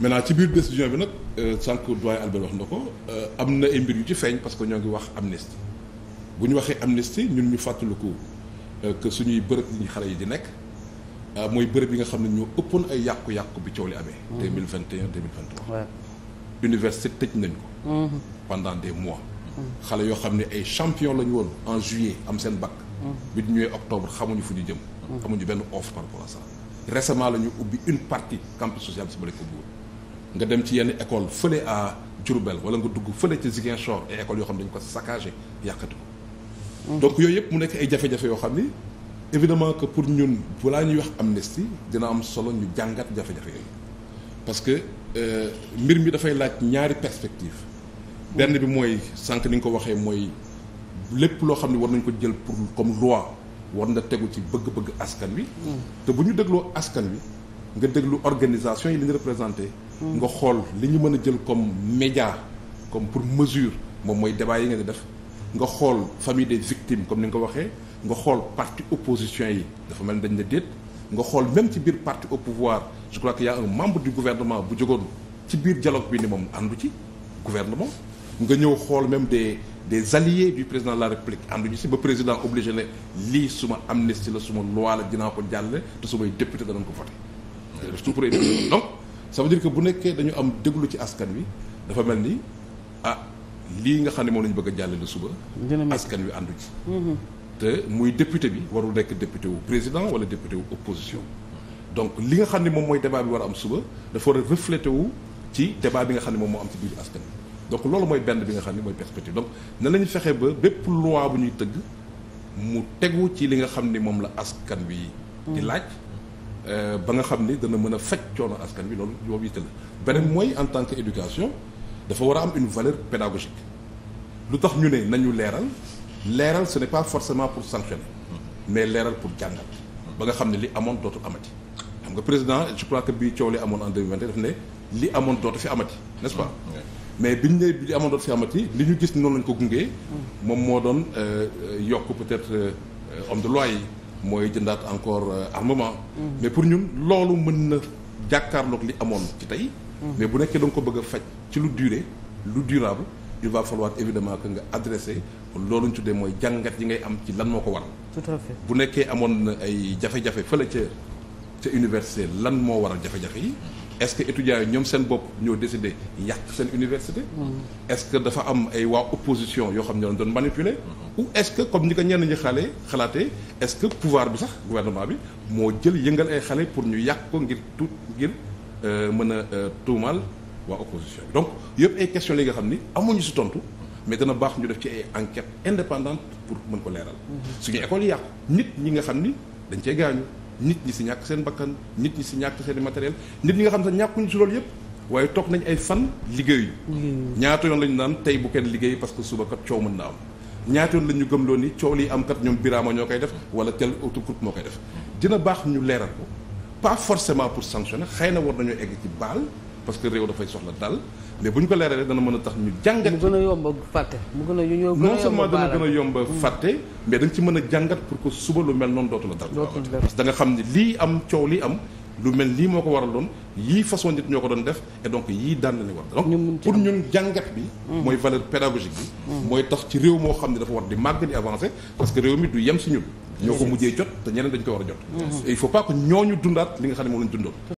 maintenant ci biir décision bi nag euh, sànq doyen Albert wax na ko euh, am na ay mbir yu ci feeñ parce que ñoo ngi wax amnistie bu ñu waxee amnistie ñun ñu fàttaliku euh, que suñuy bërëb yi xale yi di nekk mooy bërëb yi nga xam ne ñoo ëppoon ay yàqu-yàqu bi coow li amee. 2021 mmh. 2023. université tëj nañ ko. Mmh. pendant des mois. Mmh. xale yoo xam ne ay champion lañu woon en juillet am seen bac. bi ñu ñëwee octobre xamuñu fu ñu jëm. amuñu benn offre par rapport récemment la ñu ubbi une partie campus social bi su ma nga dem ci yenn école fële à Diourbel wala nga dugg fële ci Ziguinchor ay écoles yoo xam ne dañ ko saccagé yàqati ko. Mm. donc yooyu yëpp mu nekk ay jafe-jafe yoo xam ni évidemment que pour ñun balaa ñuy wax amnistie dina am solo ñu jàngat jafe yooyu parce que euh, mbir mi dafay laaj ñaari perspective benn bi mooy sànq ni ñu ko waxee mooy lépp loo xam ne war nañ ko jël pour comme loi war na tegu ci bëgg-bëgg askan wi. Mm. te bu ñu dégloo askan wi nga déglu organisation yi li ñu représenté. nga xool li ñu mën a jël comme média comme pour mesure moom mooy débat yi nga def nga xool famille des victimes comme ni nga ko waxee nga xool parti opposition yi dafa mel ni dañ la déet nga xool même ci biir parti au pouvoir je crois qu'il y membre du gouvernement bu jugoon ci biir dialogue bi ni moom àndu ci gouvernement nga ñëw xool même des des alliés du président de la république ànduñu si ba président obligé ne lii suma amnistie la suma loi la dinaa ko jàlle te sumay député danañ ko voté tout ça veut bu nekkee dañu am déglu ci askan wi dafa mel ni ah lii nga xam ne moom la bëgg a jàllale suba. askan wi àndu ci. Mm-hmm. te muy député bi warul nekk député wu président wala député wu opposition. donc li nga xam ne moom mooy débat bi war a am suba dafa war a reflété ci débat bi nga xam ne moom moo am ci biir askan wi donc loolu mooy benn bi nga xam ne mooy perspective donc ne la ñu fexee ba bépp loi bu ñuy tëgg mu tegu ci li nga xam ne moom la askan wi. di mm. laaj. Euh, ba nga xam ni dana mën a faj coono askan bi loolu boobu yitte la beneen mooy en tant que éducation dafa war a am une valeur pédagogique lu tax ñu ne nañu leeral leeral ce n'est pas forcément pour sanctionner mais leeral pour jàngat ba nga xam ne li amoon dootul amati xam nga président je crois que bii coow li amoon en 2021 daf ne li amoon dootu fi amati n'est-ce pas mm, mais bi ñu ne li amoon dootu fi amati li ñu gis noonu lañ ko gunge moom moo doon euh, euh, yokk peut-être homme de loi yi mooy jëndaat encore euh, armement. Mm-hmm. mais pour ñun loolu mën na jàkkaarlook li amoon ci tey. Mm-hmm. mais bu nekkee da ko bëgg a faj ci lu duré lu durable il va falloir évidemment que nga adressé loolu ñu tuddee mooy jàngat yi ngay am ci lan moo ko waral. tout bu nekkee amoon na ay jafe-jafe fële ca ca université lan moo waral jafe-jafe yi. est-ce que étudiants yi ñoom seen bopp ñoo décidé yàq seen université. Mm-hmm. est-ce que dafa am ay waa opposition yoo xam ne doon manipuler. Mm-hmm. ou est-ce que comme ni ko ñenn ñi xale xalaatee est-ce que pouvoir bi sax gouvernement bi moo jël yëngal ay xale pour ñu yàq ko ngir tuut ngir euh, mën a euh, tuumaal waa opposition bi. donc yëpp ay questions la nga xam ni amuñu si tontu mais dana baax ñu def ci ay enquêtes indépendantes pour mën ko leeral. Mm-hmm. suñu école yi yàqu nit ñi nga xam ni dañ cee gaañu. nit ñi si ñàkk seen bakkan nit ñi si ñàkk seen matériel nit ñi nga xam ne ñàkkuñu si loolu yëpp waaye toog nañ ay fan liggéeyu ñaata yoon la ñu naan tey bu kenn liggéey parce que suba kat coow mën na am ñaata yoon la ñu gëmloo ni coow li am kat ñoom biraama ñoo koy def wala tel autre groupe moo koy def dina baax ñu leeral ko pas forcément pour sanctionner xëy na war nañoo egg ci baal parce que réew dafay soxla dal mais bu ñu ko leeralee dana mën a tax ñu jàngat. mu gën yomb a fàtte mu gën dana gën a yomb a mm. fàtte mais da ci mën a jàngat pour que suba lu mel noonu dootu la dal. parce que da xam ne lii am coow lii am lu mel lii moo ko waraloon yii façon nit ñoo ko doon def et donc yii daan na war donc pour ñun jàngat bi mm. mooy valeur pédagogique bi mm. mooy tax ci réew moo xam ne dafa war di màgg di avancé parce que réew mi du yem si ñun ñoo ko mujjee jot te ñeneen ko war a jot il faut li nga xam ne moom lañ dundoon